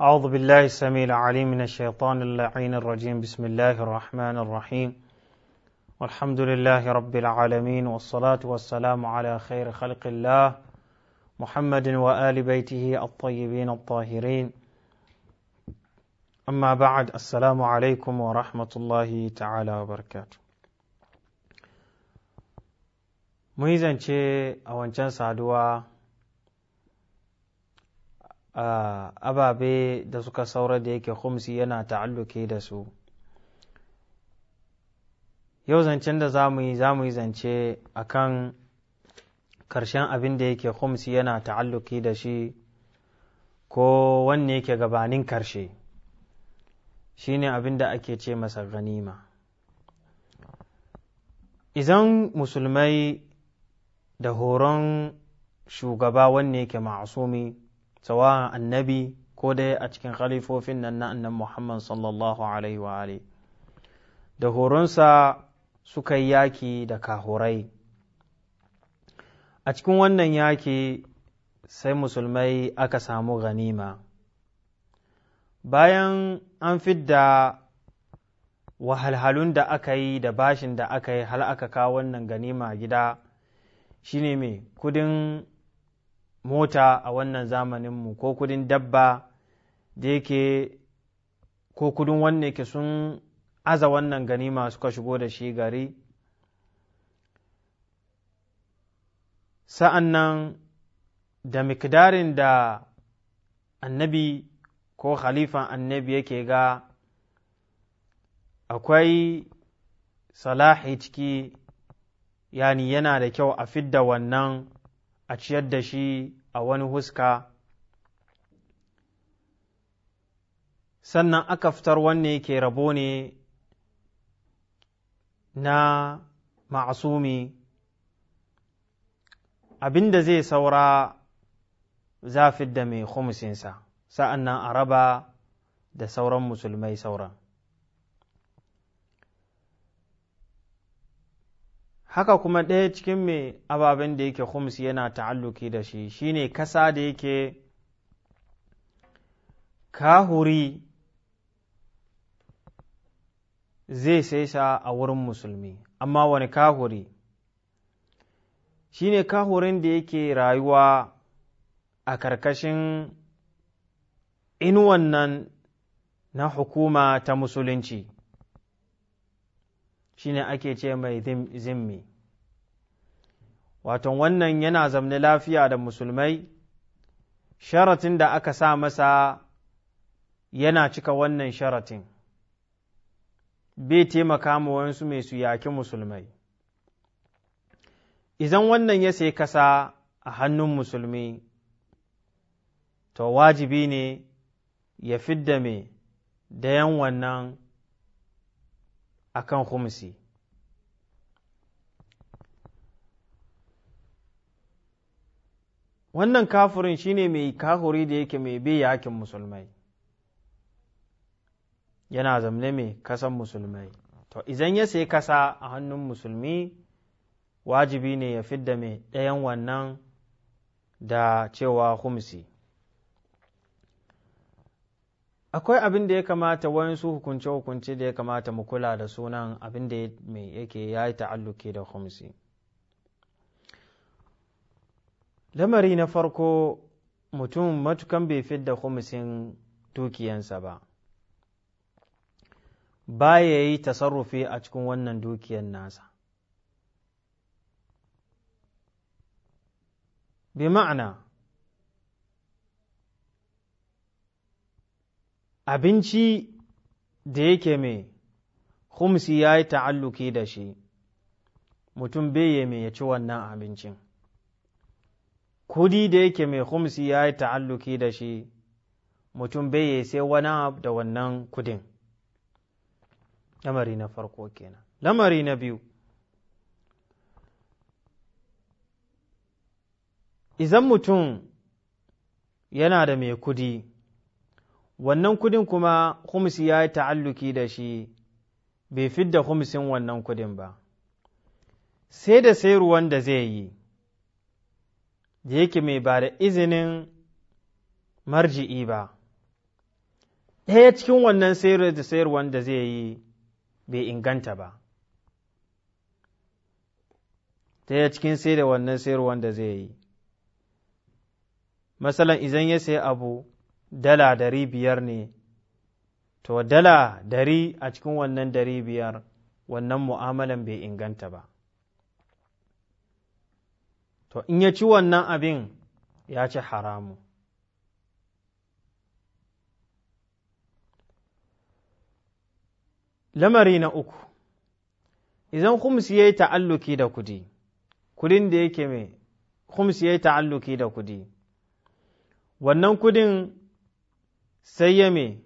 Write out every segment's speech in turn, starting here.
أعوذ بالله السميع العليم من الشيطان اللعين الرجيم بسم الله الرحمن الرحيم والحمد لله رب العالمين والصلاة والسلام على خير خلق الله محمد وآل بيته الطيبين الطاهرين أما بعد السلام عليكم ورحمة الله تعالى وبركاته ميزان چه اوانچان a ababe da suka saura da yake khumsi yana ta'alluke da su yau zancen da za mu yi za yi zance a kan karshen abin da yake khumsi yana ta'alluke da shi ko wanne yake gabanin karshe shi ne abin da ake ce masa ganima idan musulmai da horon shugaba wanne yake ma'asumi sawa annabi ko dai a cikin khalifofin nan na annan muhammad sallallahu alaihi wa ali da horonsa suka yi yaki da kahurai a cikin wannan yaki sai musulmai aka samu ganima bayan an fidda wahalhalun da aka yi da bashin da aka yi hal aka kawo wannan ganima gida shine mai kudin mota a wannan zamaninmu ko kudin dabba da yake ko kudin wanne ke sun aza wannan ganima suka shigo da shi gari sa'an nan da mikdarin da annabi ko khalifan annabi yake ga akwai salahi ciki yani yana da kyau a fidda wannan a ciyar da shi a wani huska sannan aka fitar wanne ke rabo ne na ma'asumi abinda zai saura zafi da mai khumusinsa sa'an nan a raba da sauran musulmai sauran haka kuma ɗaya cikin mai ababen da yake Homs yana ta'alluki da shi shi ne kasa da yake kahuri zai sai sa a wurin musulmi amma wani kahuri shi ne kahurin da yake rayuwa a karkashin inuwan nan na hukuma ta musulunci shine ake ce mai zimmi waton wannan yana zamne lafiya da musulmai sharatin da aka sa masa yana cika wannan sharatin bai taimaka ma wansu mai su yaki musulmai Izan wannan ya sai kasa a hannun musulmi to wajibi ne ya fidda mai dayan wannan a kan khumsi wannan kafirin shine mai kahuri da yake mai bi yakin musulmai yana zamne mai kasan musulmai to idan ya sayi kasa a hannun musulmi wajibi ne ya fidda mai ɗayan wannan da cewa humsi akwai abin da ya kamata wayansu hukunce-hukunce da ya kamata mu kula da sunan abin da yake ya yi ta'alluki da khumsi lamari na farko mutum matukan bai fidda khumsin dukiyansa ba ba ya yi tasarrufi a cikin wannan dukiyan nasa bi ma'ana abinci da yake mai khumsi ya yi ta'alluki da shi mutum beye mai ya ci wannan abincin kudi da yake mai khumsi ya yi ta'alluki da shi mutum beye sai wani da wannan kudin lamari na farko kenan lamari na biyu idan mutum yana da mai kudi wannan kudin kuma humsi ya yi ta'alluki da shi bai fidda humsin wannan kudin ba sai da sai ruwan da zai yi da yake mai ba da izinin marji'i ba ɗaya cikin wannan sayar da sayar wanda zai yi bai inganta ba ɗaya cikin sai da wannan sayar da zai yi masalan izan ya sayi abu dala dari biyar ne to dala dari a cikin wannan dari biyar wannan mu'amalan bai inganta ba to in ya ci wannan abin ya ci haramu lamari na uku idan khumsi ya yi ta'alluki da kudi kudin da yake mai khumsi ya yi ta'alluki da kudi wannan kudin sai ya me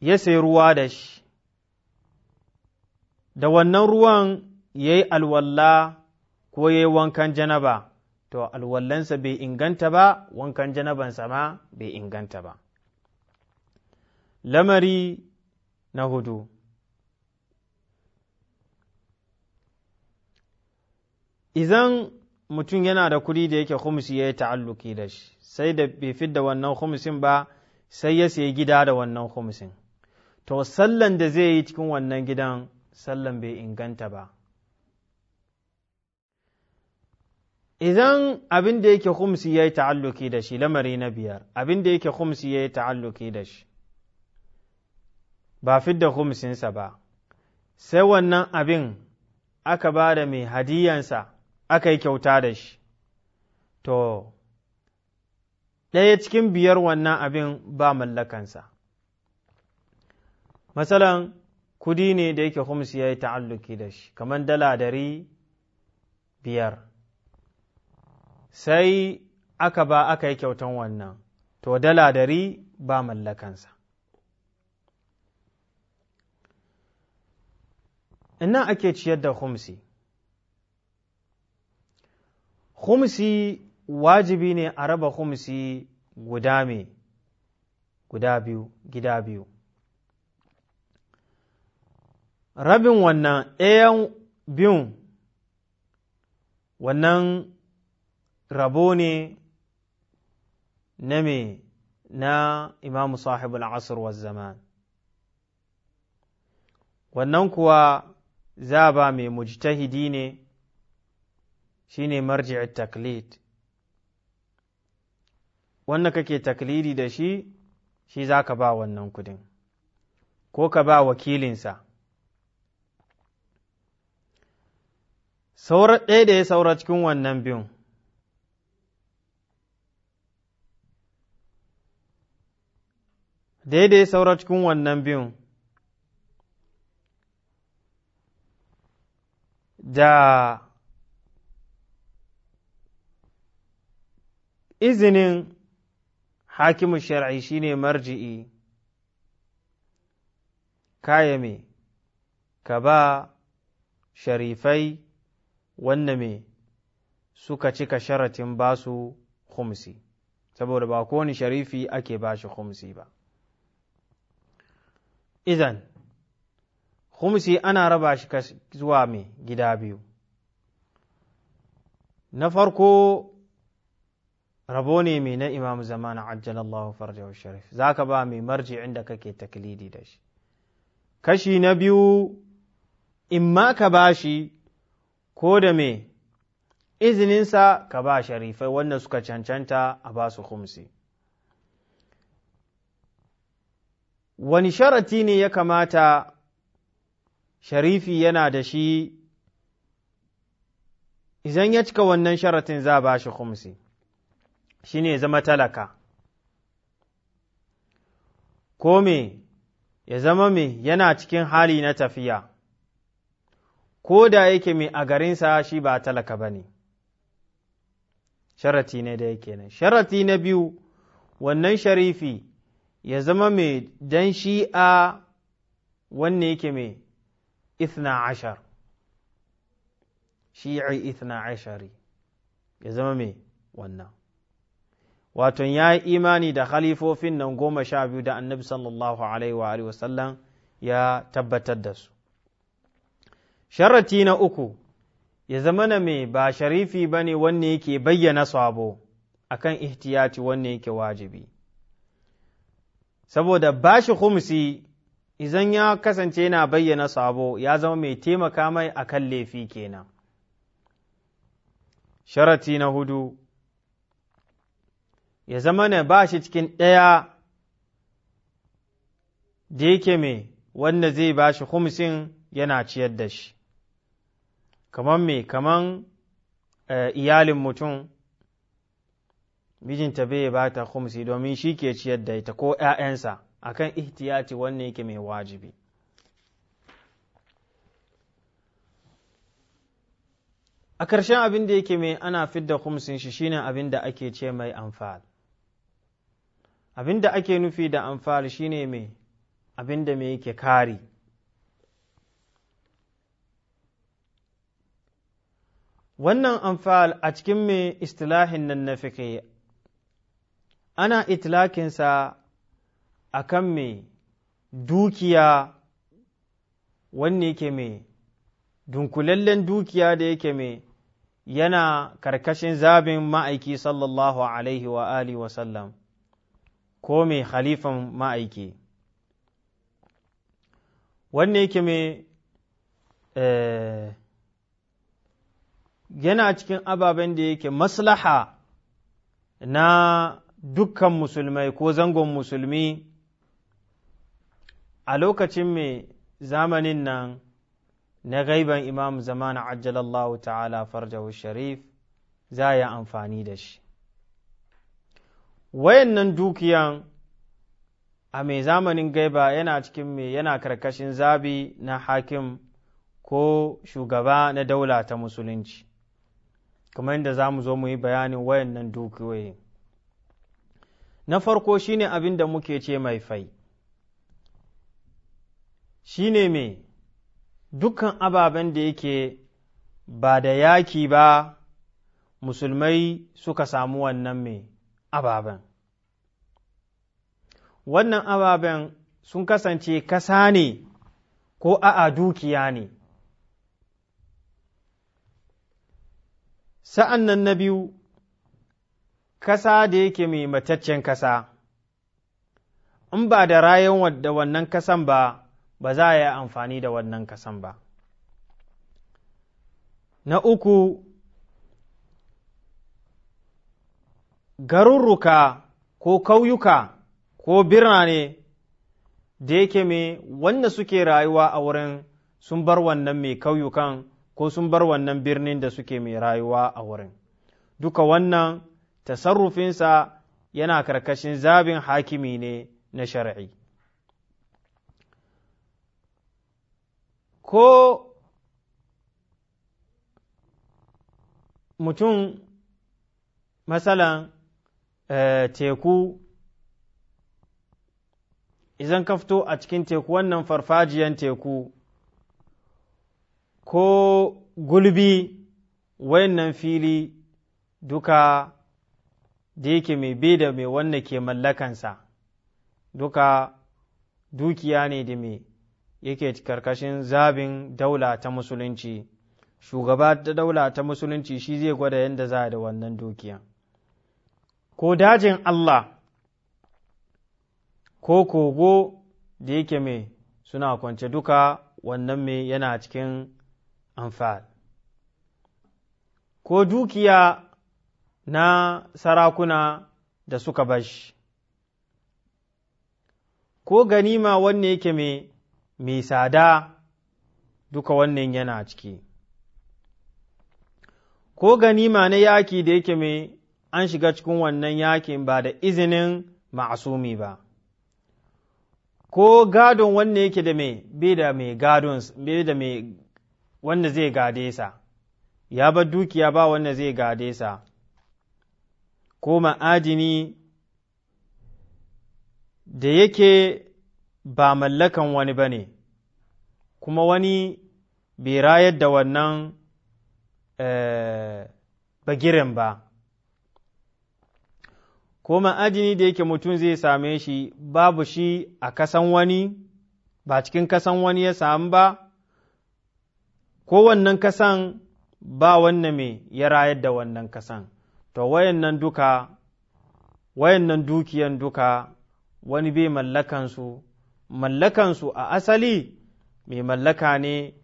ya sai ruwa da shi da wannan ruwan ya yi alwalla ko ya yi wankan janaba to alwallansa bai inganta ba wankan janabansa ma bai inganta ba lamari na hudu izan mutum yana da kuɗi da yake khumsi ya yi ta'alluki da shi sai da bai da wannan khumsin ba sai ya sayi gida da wannan khumsin to sallan da zai yi cikin wannan gidan sallan bai inganta ba idan abin da yake khumsi ya yi ta'alluki da shi lamari na biyar abin da yake khumsi ya yi ta'alluki da shi ba da khumsinsa ba sai wannan abin aka ba da mai hadiyansa aka yi kyauta da shi to ɗaya cikin biyar wannan abin ba mallakansa matsalan kudi ne da yake humsi ya yi ta'alluki da shi kamar dala dari biyar sai aka ba aka yi kyautan wannan to dala dari ba mallakansa ina ake ciyar da humsi Humsi wajibi ne a raba humsi guda me guda biyu gida biyu rabin wannan ɗayan biyun wannan rabo ne na me na imamu sahibul asr wa zaman wannan kuwa za ba mai mujtahidi ne Shi shine marji'i taklid wanda kake taklidi da shi shi za ka ba wannan kudin ko ka ba wakilinsa saura ɗaya da ya saura cikin wannan biyun daidai ya saura cikin wannan biyun da izinin hakimin shar'i shine marji'i kaya me ka ba sharifai wanda me suka cika sharatin basu khumsi saboda ba kowane sharifi ake ba shi khumsi ba idan khumsi ana raba shi zuwa me gida biyu na farko rabo ne mai na imam zamanin ajjalallahu farjahu sharif za ka ba mai inda kake taklidi da shi kashi na biyu in ma ka ba shi ko da me izininsa ka ba sharifai wanda suka cancanta a ba su kumsi wani sharati ne ya kamata sharifi yana da shi idan ya cika wannan sharatin za ba shi kumsi shi ne zama talaka, ko me ya zama me yana cikin hali na tafiya, ko da yake me a garinsa shi ba talaka ba ne, sharati ne da yake nan. Sharati na biyu, wannan sharifi ya zama me dan shi'a wanne yake me ithna ashar, shi'i ithna ashari, ya zama me wannan. wato ya yi imani da khalifofin nan goma sha biyu da annabi sallallahu alaihi wa sallam ya tabbatar da su sharati na uku ya zama na mai ba sharifi ba ne wanne yake bayyana sabo akan ihtiyati wanne yake wajibi saboda ba shi khumsi idan ya kasance yana bayyana sabo ya zama mai taimaka mai akan laifi kenan sharati na hudu ya zama ne ba shi cikin ɗaya da yake mai wanda zai ba shi humsin yana ciyar da shi kamar mai kaman eh, iyalin mutum mijinta bai ba ta humsi domin shi ke ciyar da ita ko ‘ya'yansa akan ihtiyati wannan yake mai wajibi a ƙarshen abin da yake mai ana fidda humsin shi shine abin da ake ce mai amfani abin da ake nufi da amfani shine mai abin da mai yake kari wannan amfal a cikin mai istilahin nan na fiƙe ana itilakinsa a kan mai dukiya wanne yake mai dunkulallen dukiya da yake mai yana karkashin zabin ma'aiki sallallahu alaihi wa alihi ko mai khalifan ma'aiki wanne yake mai eh, yana cikin ababen da yake maslaha na dukkan musulmai ko zangon musulmi a lokacin mai zamanin nan na gaiban imam zamana ajjalallahu ta'ala farjahu sharif za a yi amfani da shi wayannan dukiyan a mai zamanin gaiba yana cikin mai yana karkashin zabi na hakim ko shugaba na daula ta musulunci kamar yadda za mu zo mu yi bayanin wayannan dukiyoyi na farko shine abin da muke ce mai fai shine mai dukkan ababen da yake ba da yaki ba musulmai suka samu wannan mai ababen wannan ababen sun kasance kasa ne ko a'a dukiya ne sa'an nan na biyu kasa da yake mai mataccen kasa in ba da rayan da wannan kasan ba ba za a yi amfani da wannan kasan ba na uku garurruka ko kauyuka ko birane da yake me wanda suke rayuwa a wurin sun bar wannan mai kauyukan ko sun bar wannan birnin da suke mai rayuwa a wurin duka wannan tasarrufinsa yana karkashin zabin hakimi ne na shari'i ko mutum masalan Eh, teku izan ka fito a cikin teku wannan farfajiyan teku ko gulbi wayannan fili duka da yake mai bai da mai wanda ke mallakansa duka dukiya ne da mai yake karkashin zabin daula ta musulunci shugaba da daula ta musulunci shi zai gwada yadda za a da wannan dukiyan. ko dajin Allah ko kogo da yake mai suna kwance duka wannan mai yana cikin amfani ko dukiya na sarakuna da suka bashi ko ganima wanne yake mai mai sada duka wannan yana ciki ko ganima na yaki da yake mai an shiga cikin wannan yakin ba da izinin ma'asumi ba ko gadon wanne yake da mai be da mai gadon da mai wanda zai gade sa ya ba dukiya ba wanda zai gade sa ko ma'adini da yake ba mallakan wani ba ne kuma wani bai rayar da wannan eh, bagiren ba ko ma'ajini da yake mutum zai same shi babu shi a kasan wani ba cikin kasan wani ya samu ba ko wannan kasan ba wannan mai ya rayar da wannan kasan to wayannan duka wayannan dukiyan duka wani bai mallakansu mallakansu a asali mai mallaka ne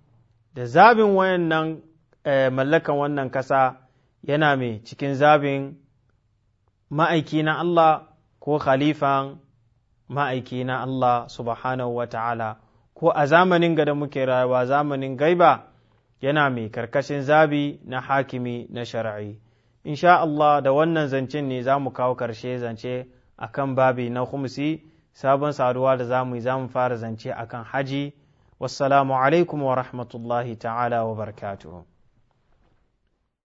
da zabin wayannan eh, mallakan wannan kasa yana mai cikin zabin ma'aiki na Allah ko khalifan ma'aiki na Allah subhanahu wa ta'ala ko a zamanin ga da muke rayuwa zamanin gaiba yana mai karkashin zabi na hakimi na shari'i. Insha Allah da wannan zancen ne za mu kawo karshe zance a kan babi na kumsi sabon saduwa da za mu yi za mu fara zance a kan haji. Wassalamu alaikum wa rahmatullahi ta'ala wa barakatuhu.